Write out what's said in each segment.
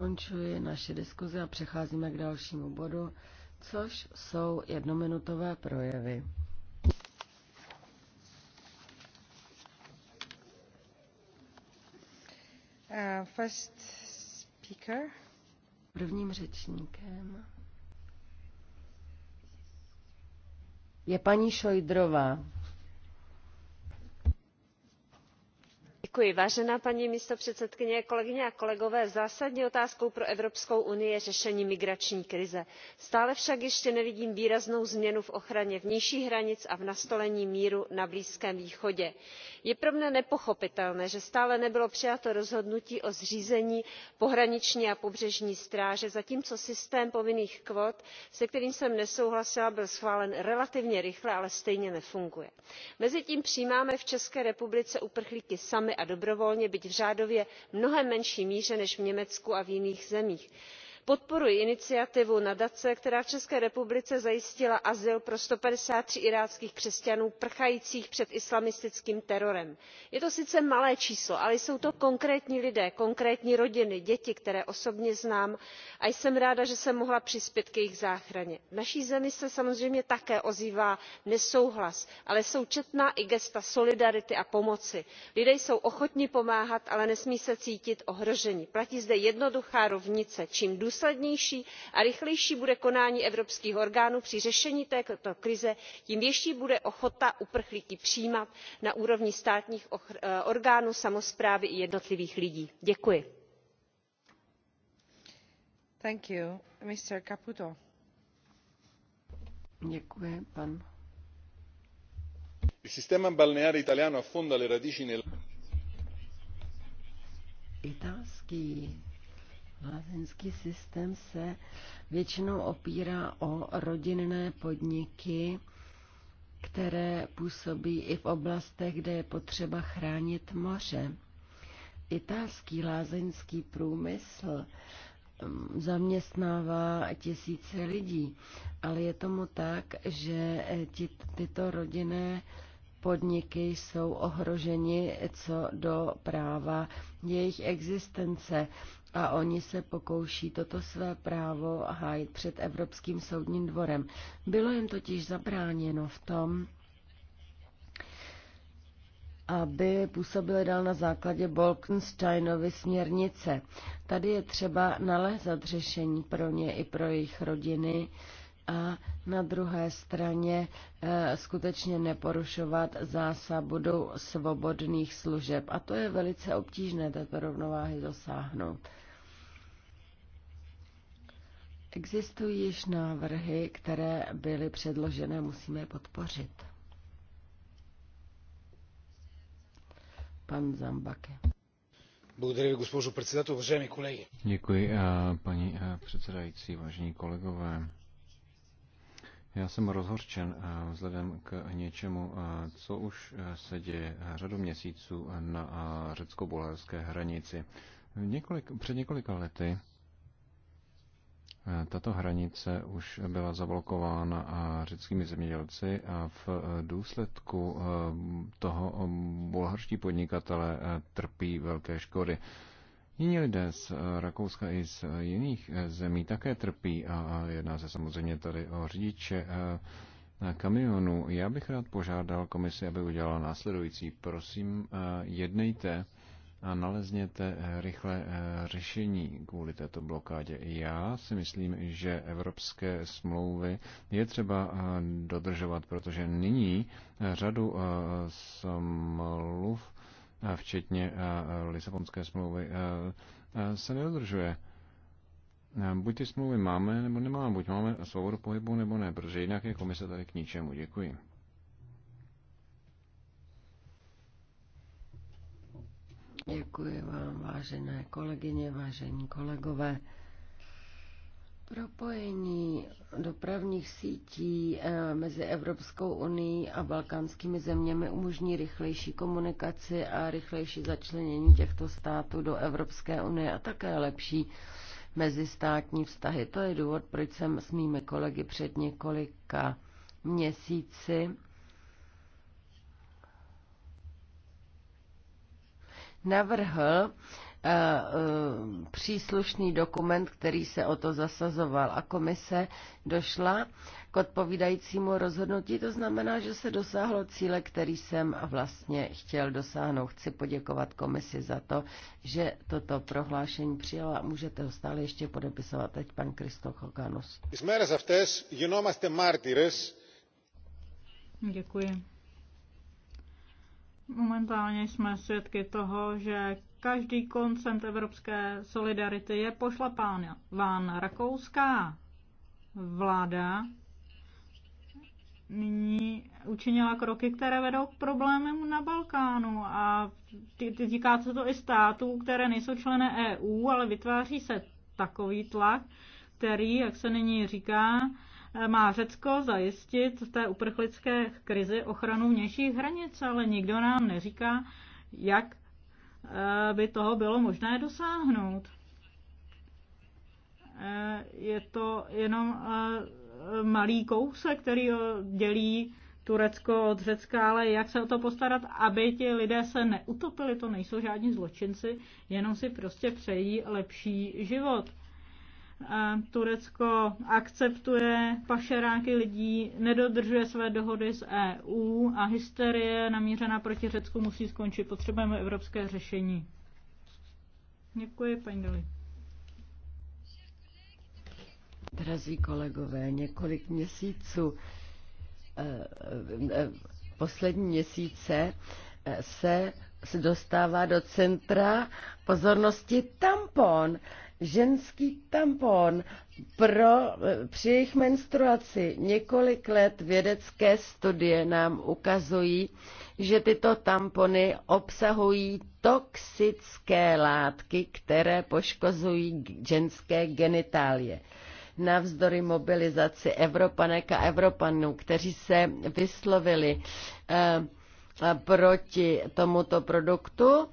Končuji naše diskuze a přecházíme k dalšímu bodu, což jsou jednominutové projevy. Uh, first speaker. Prvním řečníkem je paní Šojdrová. paní předsedající zásadní otázkou pro evropskou unii je řešení migrační krize. stále však ještě nevidím výraznou změnu v ochraně vnějších hranic a v nastolení míru na blízkém východě. je pro mne nepochopitelné že stále nebylo přijato rozhodnutí o zřízení pohraniční a pobřežní stráže zatímco systém povinných kvót se kterým jsem nesouhlasila byl schválen relativně rychle ale stejně nefunguje. mezitím přijímáme v české republice uprchlíky sami a dobrovolně dobrovolně byť v řádově mnohem menší míře než v německu a v jiných zemích podporuji iniciativu nadace která v české republice zajistila azyl pro one hundred and fifty three iráckých křesťanů prchajících před islamistickým terorem. je to sice malé číslo ale jsou to konkrétní lidé konkrétní rodiny děti které osobně znám a jsem ráda že jsem mohla přispět k jejich záchraně. v naší zemi se samozřejmě také ozývá nesouhlas ale jsou četná i gesta solidarity a pomoci. lidé jsou ochotni pomáhat ale nesmí se cítit ohroženi. platí zde jednoduchá rovnice čím důslednější a rychlejší bude konání evropských orgánů při řešení této krize tím větší bude ochota uprchlíky přijímat na úrovni státních eh, orgánů samosprávy i jednotlivých lidí. děkuji. Lázeňský systém se většinou opírá o rodinné podniky, které působí i v oblastech, kde je potřeba chránit moře. Italský lázeňský průmysl mm, zaměstnává tisíce lidí, ale je tomu tak, že eh, ty, tyto rodinné podniky jsou ohroženi co do práva jejich existence a oni se pokouší toto své právo hájit před Evropským soudním dvorem. Bylo jim totiž zabráněno v tom, aby působili dál na základě Bolkensteinovy směrnice. Tady je třeba nalézat řešení pro ně i pro jejich rodiny a na druhé straně e, skutečně neporušovat zásadu svobodných služeb. A to je velice obtížné této rovnováhy dosáhnout. Existují již návrhy, které byly předložené, musíme je podpořit. Pan Zambake. Děkuji, paní předsedající, vážení kolegové. Já jsem rozhorčen vzhledem k něčemu, co už se děje řadu měsíců na řecko-bulharské hranici. Několik, před několika lety tato hranice už byla zablokována eh, řeckými zemědělci a v eh, důsledku eh, toho bulharští podnikatele trpí velké škody. Jiní lidé z Rakouska i z jiných zemí také trpí a jedná se samozřejmě tady o řidiče kamionů. Já bych rád požádal komisi, aby udělala následující. Prosím, jednejte a nalezněte eh, rychle eh, řešení kvůli této blokádě. Já si myslím, že evropské smlouvy je třeba eh, dodržovat, protože nyní řadu smluv, včetně Lisabonské smlouvy, se nedodržuje. Buď ty smlouvy máme, nebo nemáme, buď máme svobodu pohybu, nebo ne, protože jinak je komise tady k ničemu. Děkuji. Děkuji vám, vážené kolegyně, vážení kolegové. Propojení dopravních sítí eh, mezi Evropskou unii a balkánskými zeměmi umožní rychlejší komunikaci a rychlejší začlenění těchto států do Evropské unie a také lepší mezistátní vztahy. To je důvod, proč jsem s mými kolegy před několika měsíci navrhl eh, eh, příslušný dokument, který se o to zasazoval a komise došla k odpovídajícímu rozhodnutí. To znamená, že se dosáhlo cíle, který jsem vlastně chtěl dosáhnout. Chci poděkovat komisi za to, že toto prohlášení přijala. Můžete ho stále ještě podepisovat teď, pan Kristof Hoganus. Děkuji. Momentálně jsme svědky toho, že každý koncent evropské solidarity je pošlapán. Ván rakouská vláda nyní učinila kroky, které vedou k problémům na Balkánu a týká se to i států, které nejsou členy EU, ale vytváří se takový tlak, který, jak se nyní říká, má Řecko zajistit v té uprchlické krizi ochranu vnějších hranic, ale nikdo nám neříká, jak eh, by toho bylo možné dosáhnout. Eh, je to jenom eh, malý kousek, který dělí Turecko od Řecka, ale jak se o to postarat, aby ti lidé se neutopili, to nejsou žádní zločinci, jenom si prostě přejí lepší život. Turecko akceptuje pašeráky lidí, nedodržuje své dohody s EU a hysterie namířená proti Řecku musí skončit. Potřebujeme evropské řešení. Děkuji, paní Dali. Drazí kolegové, několik měsíců, eh, eh, poslední měsíce eh, se dostává do centra pozornosti tampon ženský tampon pro, eh, při jejich menstruaci. Několik let vědecké studie nám ukazují, že tyto tampony obsahují toxické látky, které poškozují ženské genitálie navzdory mobilizaci Evropanek a Evropanů, kteří se vyslovili eh, proti tomuto produktu,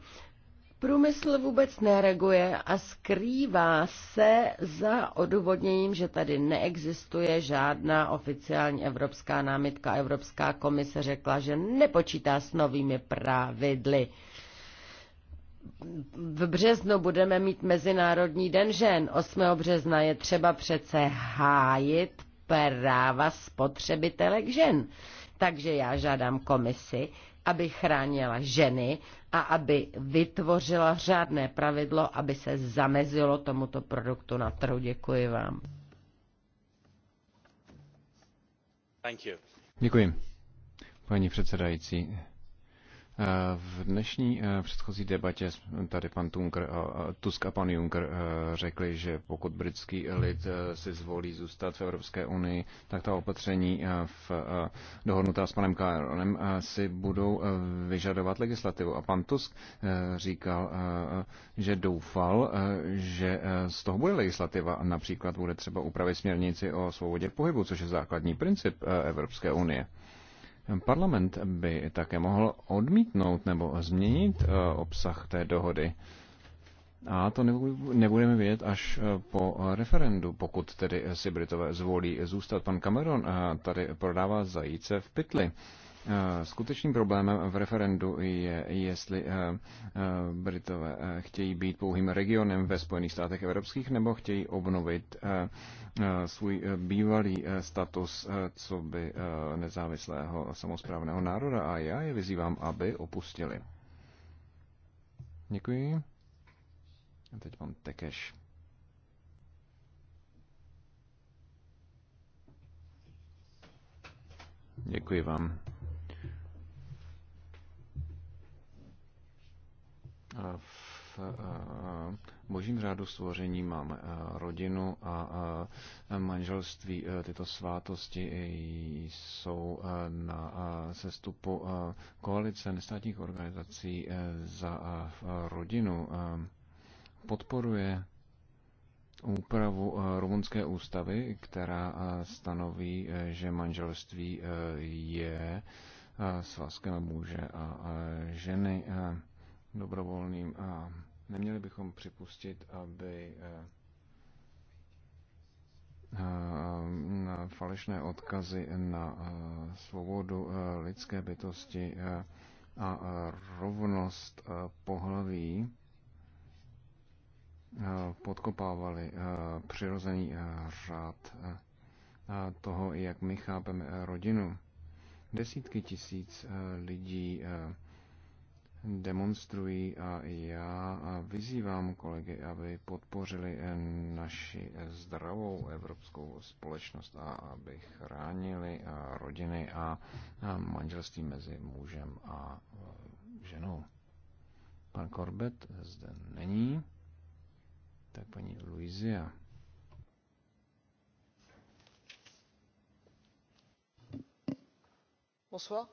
Průmysl vůbec nereaguje a skrývá se za odůvodněním, že tady neexistuje žádná oficiální evropská námitka. Evropská komise řekla, že nepočítá s novými pravidly. V březnu budeme mít Mezinárodní den žen. 8. března je třeba přece hájit práva spotřebitelek žen. Takže já žádám komisi, aby chránila ženy a aby vytvořila řádné pravidlo, aby se zamezilo tomuto produktu na trhu. Děkuji vám. Děkuji. Paní předsedající, Eh, v dnešní eh, předchozí debatě tady pan Tunker, Tusk a pan Juncker eh, řekli, že pokud britský lid si zvolí zůstat v Evropské unii, tak ta opatření v, dohodnutá s panem Cameronem si budou vyžadovat legislativu. A pan Tusk říkal, že doufal, že z toho bude legislativa. Například bude třeba upravit směrnici o svobodě pohybu, což je základní princip Evropské unie. Parlament by také mohl odmítnout nebo změnit eh, obsah té dohody. A to nebudeme vědět až eh, po referendu, pokud tedy eh, si Britové zvolí zůstat. Pan Cameron tady prodává zajíce v pytli. Skutečným problémem v referendu je, jestli Britové chtějí být pouhým regionem ve Spojených státech evropských nebo chtějí obnovit Eh, svůj eh, bývalý eh, status co by nezávislého samozprávného národa a já je vyzývám, aby opustili. Děkuji. A teď mám Tekeš. Děkuji vám. V božím řádu stvoření máme eh, rodinu a eh, manželství. Eh, tyto svátosti jsou na sestupu koalice nestátních organizací za rodinu. Podporuje úpravu rumunské ústavy, která stanoví, že manželství je svazkem muže a ženy dobrovolným Neměli bychom připustit, aby eh, eh, na falešné odkazy na eh, svobodu lidské bytosti a rovnost pohlaví podkopávali přirozený řád toho, jak my chápeme rodinu. Desítky tisíc lidí demonstrují a já vyzývám kolegy, aby podpořili naši zdravou evropskou společnost a aby chránili rodiny a manželství mezi mužem a ženou. Pan Corbett zde není, tak paní Luizia. Bonsoir.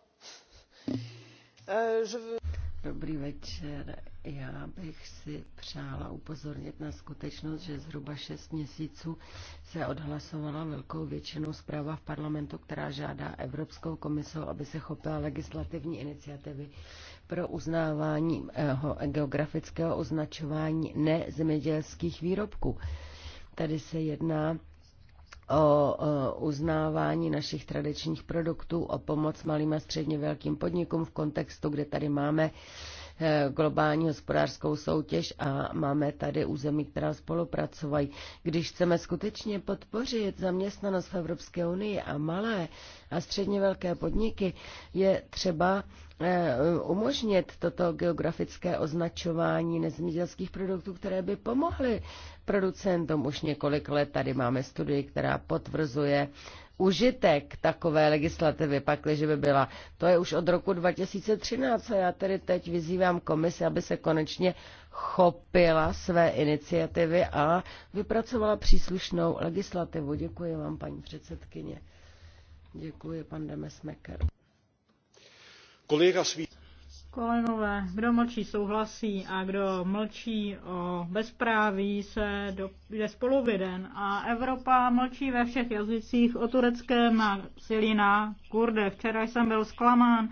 Euh, je veux... Dobrý večer. Já bych si přála upozornit na skutečnost, že zhruba 6 měsíců se odhlasovala velkou většinou zpráva v parlamentu, která žádá Evropskou komisou, aby se chopila legislativní iniciativy pro uznávání eh, geografického označování nezemědělských výrobků. Tady se jedná o uznávání našich tradičních produktů, o pomoc malým a středně velkým podnikům v kontextu, kde tady máme e, globální hospodářskou soutěž a máme tady území, která spolupracovají. Když chceme skutečně podpořit zaměstnanost v Evropské unii a malé a středně velké podniky, je třeba Eh, umožnit toto geografické označování nezemědělských produktů, které by pomohly producentům. Už několik let tady máme studii, která potvrzuje užitek takové legislativy, pakliže by byla. To je už od roku 2013 a já tedy teď vyzývám komisi, aby se konečně chopila své iniciativy a vypracovala příslušnou legislativu. Děkuji vám, paní předsedkyně. Děkuji, pan Demesmeker. Kolegové, kdo mlčí, souhlasí a kdo mlčí o bezpráví, se do, jde spoluviden. A Evropa mlčí ve všech jazycích o tureckém a Syrii na Kurde. Včera jsem byl zklamán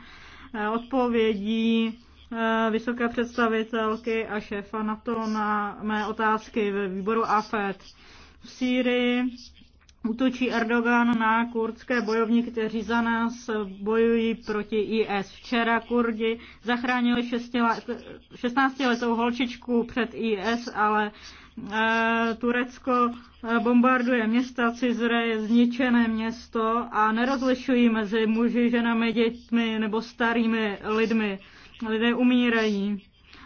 eh, odpovědí eh, vysoké představitelky a šéfa NATO na mé otázky ve výboru AFED. V Sýrii útočí Erdogan na kurdské bojovníky, kteří za nás bojují proti IS. Včera Kurdi zachránili 16-letou holčičku před IS, ale e, Turecko e, bombarduje města, Cizre je zničené město a nerozlišují mezi muži, ženami, dětmi nebo starými lidmi. Lidé umírají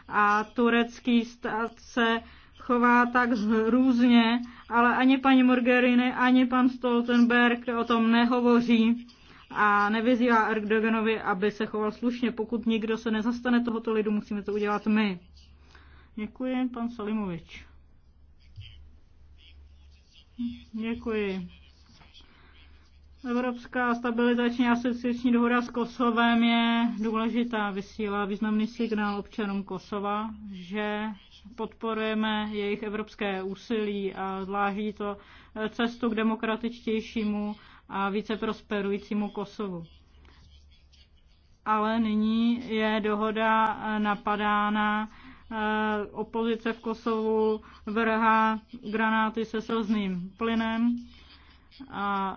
a turecký stát se chová tak různě, ale ani paní Morgerini, ani pan Stoltenberg o tom nehovoří a nevyzývá Erdoganovi, aby se choval slušně. Pokud nikdo se nezastane tohoto lidu, musíme to udělat my. Děkuji, pan Salimovič. Děkuji. Evropská stabilizační asociační dohoda s Kosovem je důležitá, vysílá významný signál občanům Kosova, že podporujeme jejich evropské úsilí a zvláží to eh, cestu k demokratičtějšímu a více prosperujícímu Kosovu. Ale nyní je dohoda eh, napadána eh, opozice v Kosovu vrhá granáty se slzným plynem a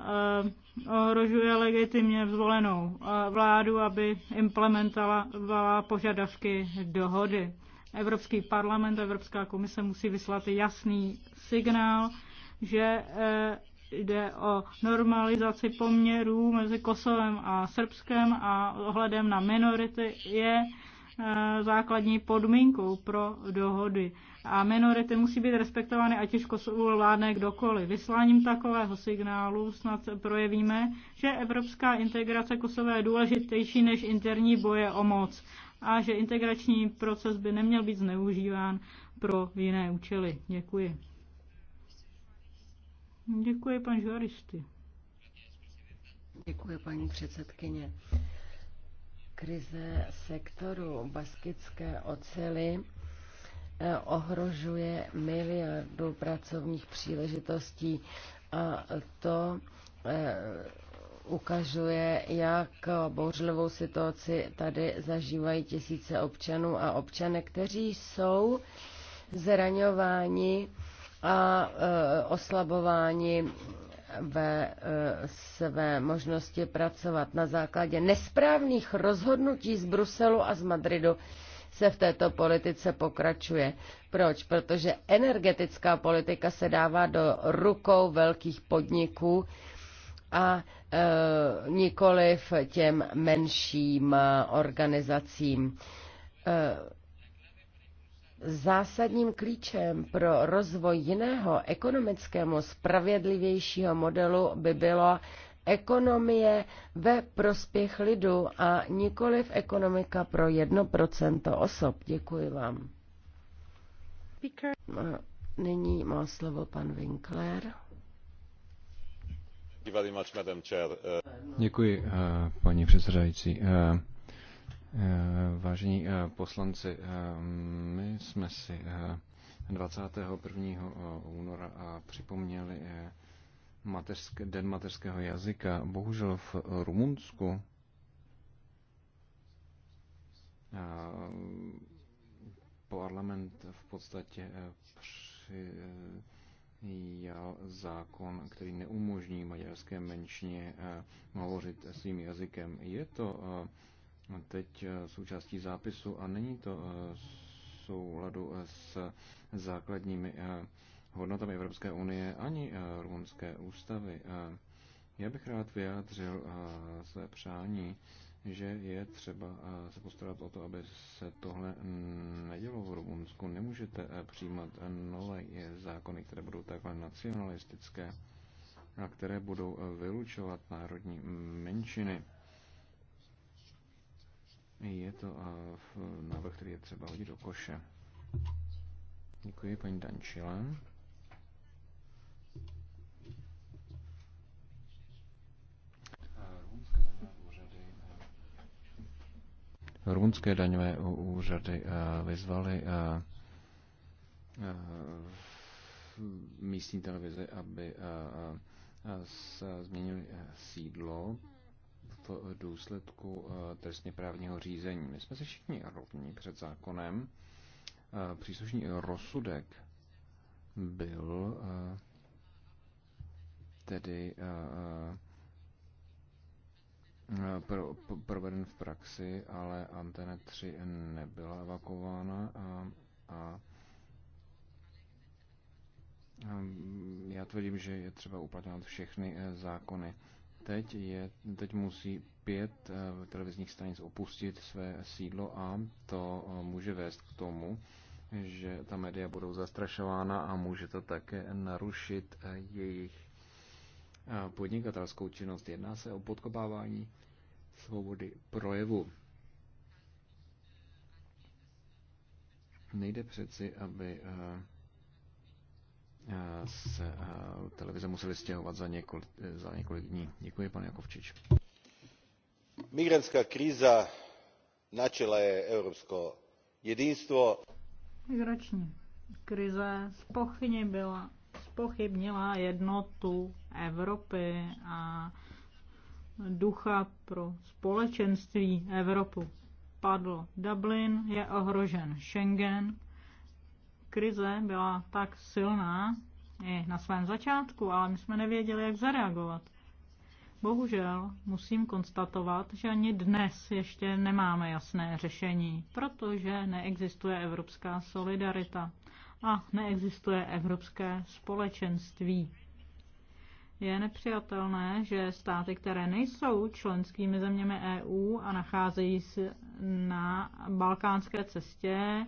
ohrožuje legitimně vzvolenou vládu, aby implementovala požadavky dohody. Evropský parlament, Evropská komise musí vyslat jasný signál, že eh, jde o normalizaci poměrů mezi Kosovem a Srbskem a ohledem na minority je eh, základní podmínkou pro dohody. A minority musí být respektovány, ať už Kosovu vládne kdokoliv. Vysláním takového signálu snad projevíme, že evropská integrace Kosova je důležitější než interní boje o moc a že integrační proces by neměl být zneužíván pro jiné účely. Děkuji. Děkuji, pan žuaristy. Děkuji, paní předsedkyně. Krize sektoru baskické ocely eh, ohrožuje miliardu pracovních příležitostí a to eh, ukazuje, jak bouřlivou situaci tady zažívají tisíce občanů a občané, kteří jsou zraňováni a e, oslabováni ve e, své možnosti pracovat na základě nesprávných rozhodnutí z Bruselu a z Madridu se v této politice pokračuje. Proč? Protože energetická politika se dává do rukou velkých podniků, a e, nikoliv těm menším e, organizacím. E, zásadním klíčem pro rozvoj jiného ekonomickému spravedlivějšího modelu by bylo ekonomie ve prospěch lidu a nikoliv ekonomika pro 1% osob. Děkuji vám. No, nyní má slovo pan Winkler. Uh, Děkuji, uh, paní předsedající. Uh, vážení poslanci, my jsme si 21. února připomněli mateřské, Den mateřského jazyka. Bohužel v Rumunsku parlament v podstatě při, jal zákon, který neumožní maďarské menšině eh, hovořit svým jazykem. Je to eh, teď eh, součástí zápisu a není to souladu s základními hodnotami Evropské unie ani rumunské ústavy. Já bych rád vyjádřil své přání že je třeba eh, se postarat o to, aby se tohle nedělo v Rumunsku. Nemůžete eh, přijímat eh, nové zákony, které budou takhle nacionalistické a které budou vylučovat národní menšiny. Je to návrh, který je třeba hodit do koše. Děkuji, paní Dančila. rumunské daňové úřady eh, vyzvaly eh, eh, místní televize aby změnili sídlo v důsledku trestně právního řízení. My jsme se všichni rovní před zákonem. Příslušný rozsudek byl tedy uh, Eh, pro, proveden v praxi, ale antena 3 nebyla evakuována a, a já tvrdím, že je třeba uplatňovat všechny eh, zákony. Teď, je, teď musí pět eh, televizních stanic opustit své sídlo a to může vést k tomu, že ta média budou zastrašována a může to také narušit jejich podnikatelskou činnost. Jedná se o podkopávání svobody projevu. Nejde přeci, aby eh, eh, se eh, televize museli stěhovat za několik, za několik dní. Děkuji, pane Jakovčič. Migrantská kríza načela je evropsko jedinstvo. Migrační krize spochybnila spochybnila jednotu Evropy a ducha pro společenství Evropu. Padl Dublin, je ohrožen Schengen. Krize byla tak silná i na svém začátku, ale my jsme nevěděli, jak zareagovat. Bohužel musím konstatovat, že ani dnes ještě nemáme jasné řešení, protože neexistuje evropská solidarita a neexistuje evropské společenství. Je nepřijatelné, že státy, které nejsou členskými zeměmi EU a nacházejí se na balkánské cestě,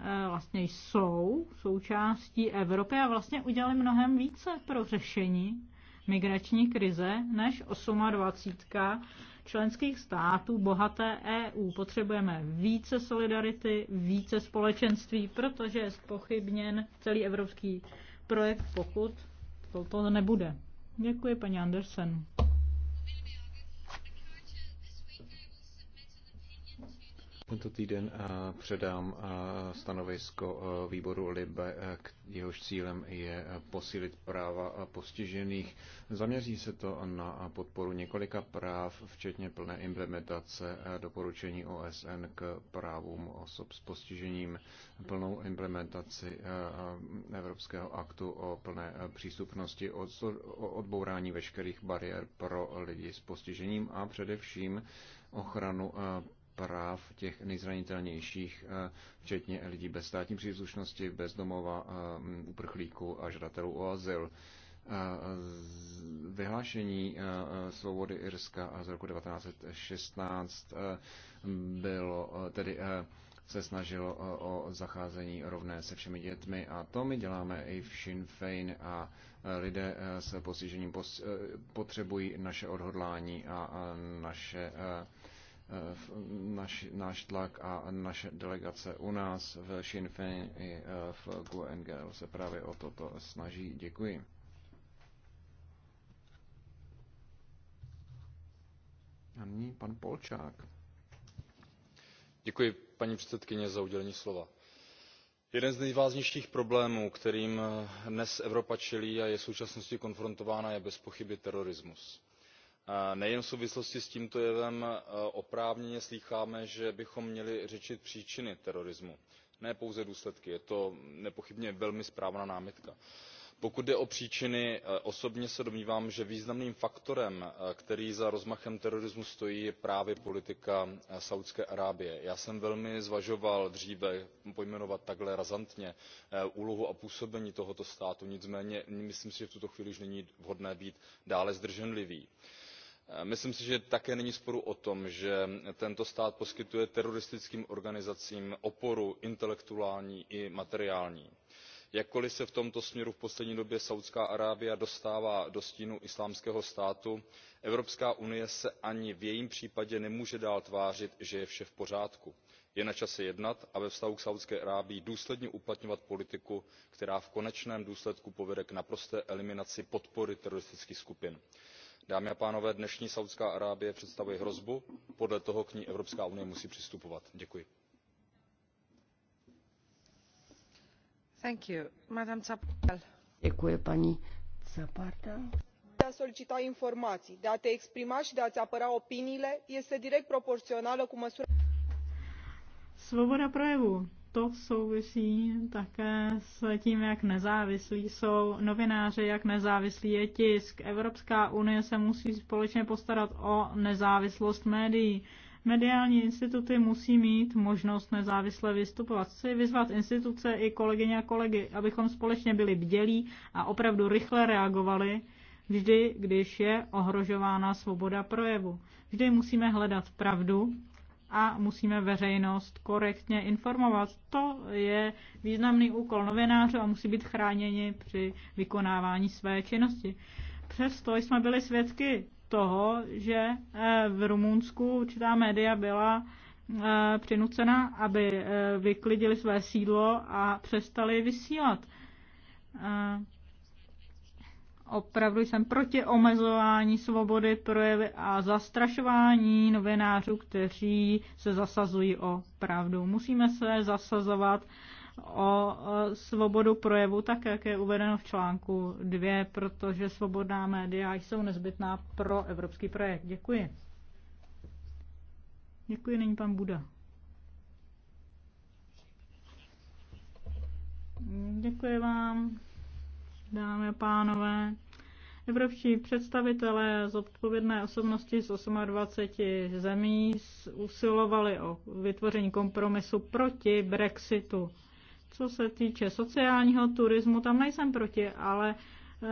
eh, vlastně jsou součástí Evropy a vlastně udělali mnohem více pro řešení migrační krize než 28 členských států bohaté EU. Potřebujeme více solidarity, více společenství, protože je spochybněn celý evropský projekt, pokud toto nebude. Děkuji, paní Andersen. Tento týden předám stanovisko e, výboru LIBE, e, jehož cílem je e, posílit práva postižených. Zaměří se to na podporu několika práv, včetně plné implementace doporučení OSN k právům osob s postižením, plnou implementaci Evropského aktu o plné přístupnosti, odbourání veškerých bariér pro lidi s postižením a především ochranu práv těch nejzranitelnějších, eh, včetně lidí bez státní příslušnosti, bez domova, eh, uprchlíků a žadatelů o azyl. Eh, vyhlášení svobody Irska z roku 1916 bylo tedy se snažilo o zacházení rovné se všemi dětmi a to my děláme i v Sinn Féin a lidé s postižením potřebují naše odhodlání a naše naš, náš tlak a naše delegace u nás v Sinn Féin i eh, v GUNGL se právě o toto snaží. Děkuji. A nyní pan Polčák. Děkuji paní předsedkyně za udělení slova jeden z nejvážnějších problémů kterým eh, dnes evropa čelí a je v současnosti konfrontována je bezpochyby terorismus nejen v souvislosti s tímto jevem e, oprávněně slýcháme že bychom měli řešit příčiny terorismu ne pouze důsledky je to nepochybně velmi správná námitka. pokud jde o příčiny e, osobně se domnívám že významným faktorem e, který za rozmachem terorismu stojí je právě politika saúdské arábie. já jsem velmi zvažoval dříve pojmenovat takhle razantně úlohu a působení tohoto státu nicméně myslím si že v tuto chvíli již není vhodné být dále zdrženlivý. Eh, myslím si že také není sporu o tom že tento stát poskytuje teroristickým organizacím oporu intelektuální i materiální. jakkoliv se v tomto směru v poslední době saúdská arábie dostává do stínu islámského státu evropská unie se ani v jejím případě nemůže dál tvářit že je vše v pořádku. je na čase jednat a ve vztahu k saúdské arábii důsledně uplatňovat politiku která v konečném důsledku povede k naprosté eliminaci podpory teroristických skupin dámy a pánové dnešní saúdská arábie představuje hrozbu podle toho k ní evropská unie musí přistupovat. děkuji. děkuji paní zapardové de a solicita informații de a te exprima și de a ți apăra opiniile este direct proporțională cu măsura. Svoboda projevu to souvisí také s tím, jak nezávislí jsou novináři, jak nezávislý je tisk. Evropská unie se musí společně postarat o nezávislost médií. Mediální instituty musí mít možnost nezávisle vystupovat. Chci vyzvat instituce i kolegyně a kolegy, abychom společně byli bdělí a opravdu rychle reagovali, vždy, když je ohrožována svoboda projevu. Vždy musíme hledat pravdu a musíme veřejnost korektně informovat. To je významný úkol novinářů a musí být chráněni při vykonávání své činnosti. Přesto jsme byli svědky toho, že eh, v Rumunsku určitá média byla eh, přinucena, aby eh, vyklidili své sídlo a přestali vysílat. Opravdu jsem proti omezování svobody projevy a zastrašování novinářů, kteří se zasazují o pravdu. Musíme se zasazovat o svobodu projevu, tak jak je uvedeno v článku 2, protože svobodná média jsou nezbytná pro evropský projekt. Děkuji. Děkuji, není pan Buda. Děkuji vám dámy a pánové. Evropští představitelé zodpovědné osobnosti z 28 zemí usilovali o vytvoření kompromisu proti Brexitu. Co se týče sociálního turismu, tam nejsem proti, ale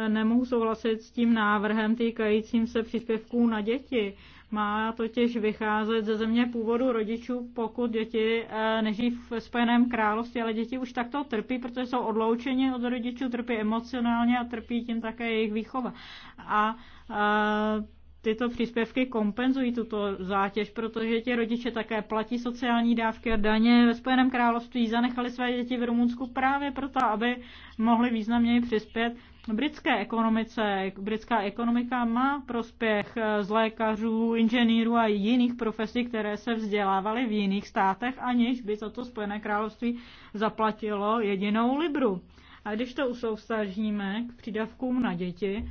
nemohu souhlasit s tím návrhem týkajícím se příspěvků na děti. Má totiž vycházet ze země původu rodičů, pokud děti eh, nežijí v Spojeném království, ale děti už takto trpí, protože jsou odloučeni od rodičů, trpí emocionálně a trpí tím také jejich výchova. A, a eh, tyto příspěvky kompenzují tuto zátěž, protože ti rodiče také platí sociální dávky a daně ve Spojeném království, zanechali své děti v Rumunsku právě proto, aby mohli významněji přispět britské ekonomice. Britská ekonomika má prospěch eh, z lékařů, inženýrů a jiných profesí, které se vzdělávaly v jiných státech, aniž by toto Spojené království zaplatilo jedinou libru. A když to usoustažíme k přídavkům na děti,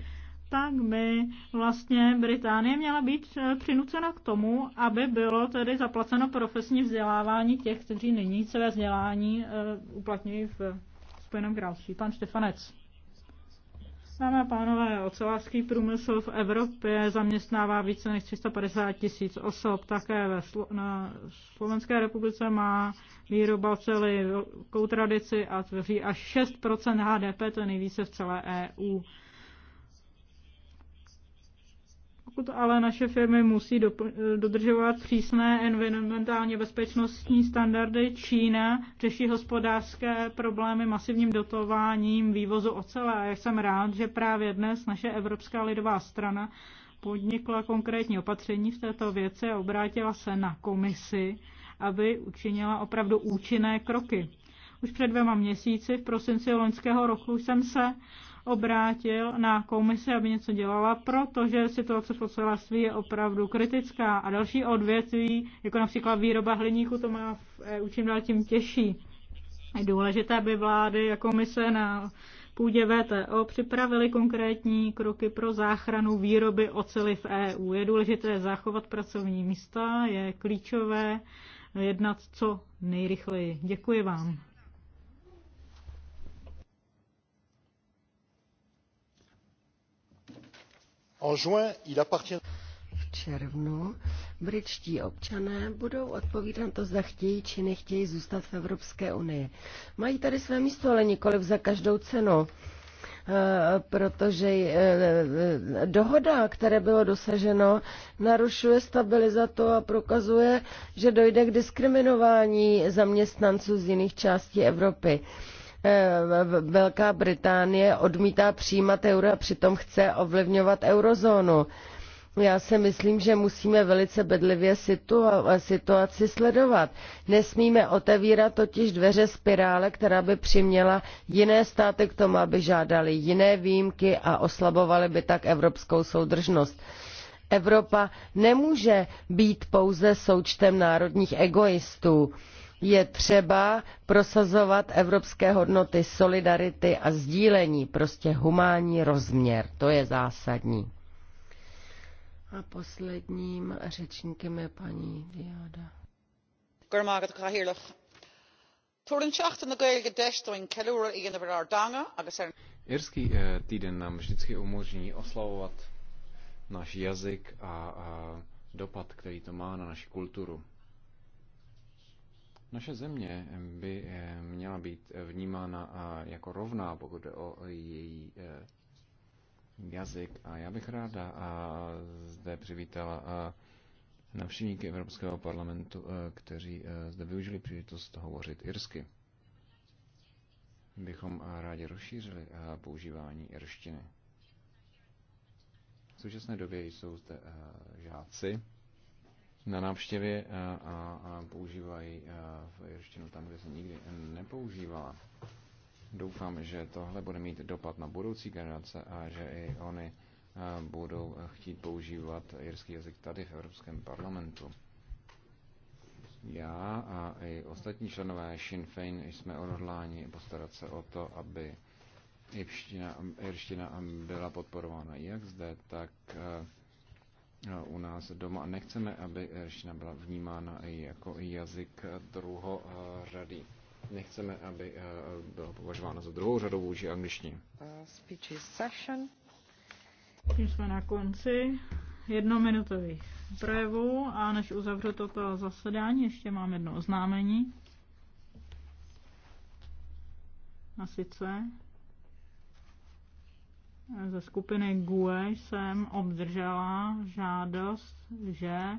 tak by vlastně Británie měla být eh, přinucena k tomu, aby bylo tedy zaplaceno profesní vzdělávání těch, kteří nyní své vzdělání eh, uplatňují v Spojeném království. Pan Štefanec. Dámy a pánové, ocelářský průmysl v Evropě zaměstnává více než 350 tisíc osob. Také ve Slo- na Slovenské republice má výroba oceli velkou tradici a tvoří až 6 HDP, to nejvíce v celé EU. Pokud ale naše firmy musí dodržovat přísné environmentálně bezpečnostní standardy, Čína řeší hospodářské problémy masivním dotováním vývozu ocele. A já jsem rád, že právě dnes naše Evropská lidová strana podnikla konkrétní opatření v této věci a obrátila se na komisi, aby učinila opravdu účinné kroky. Už před dvěma měsíci, v prosinci loňského roku, jsem se obrátil na komisi, aby něco dělala, protože situace v ocelářství je opravdu kritická a další odvětví, jako například výroba hliníku, to má v EU čím dál tím těžší. Je důležité, aby vlády a komise na půdě VTO připravili konkrétní kroky pro záchranu výroby ocely v EU. Je důležité zachovat pracovní místa, je klíčové jednat co nejrychleji. Děkuji vám. V červnu britští občané budou odpovídat na to, zda chtějí či nechtějí zůstat v Evropské unii. Mají tady své místo, ale nikoli za každou cenu eh, protože eh, eh, dohoda, které bylo dosaženo, narušuje stabilizato a prokazuje, že dojde k diskriminování zaměstnanců z jiných částí Evropy. Eh, Velká Británie odmítá přijímat euro a přitom chce ovlivňovat eurozónu. Já si myslím, že musíme velice bedlivě situaci sledovat. Nesmíme otevírat totiž dveře spirále, která by přiměla jiné státy k tomu, aby žádali jiné výjimky a oslabovaly by tak evropskou soudržnost. Evropa nemůže být pouze součtem národních egoistů je třeba prosazovat evropské hodnoty solidarity a sdílení, prostě humánní rozměr, to je zásadní. A posledním řečníkem je paní Diada. Irský eh, týden nám vždycky umožní oslavovat náš jazyk a, a dopad, který to má na naši kulturu. Naše země by eh, měla být eh, vnímána eh, jako rovná, pokud jde o její jazyk. A já bych ráda zde přivítala navštěvníky Evropského parlamentu, kteří zde využili příležitost hovořit irsky. Bychom rádi rozšířili používání irštiny. V současné době jsou zde žáci, na návštěvě a, a používají v jirštinu tam, kde se nikdy nepoužívala. Doufám, že tohle bude mít dopad na budoucí generace a že i oni budou chtít používat jirský jazyk tady v Evropském parlamentu. Já a i ostatní členové Sinn Féin jsme odhodláni postarat se o to, aby jirština byla podporována jak zde, tak u nás doma. a Nechceme, aby čeština byla vnímána i jako jazyk řady. Nechceme, aby eh, byla považována za druhou řadu vůči angličtině. Eh, speech session. Tím jsme na konci jednominutových projevů a než uzavřu toto zasedání, ještě mám jedno oznámení. A sice ze skupiny GUE jsem obdržela žádost, že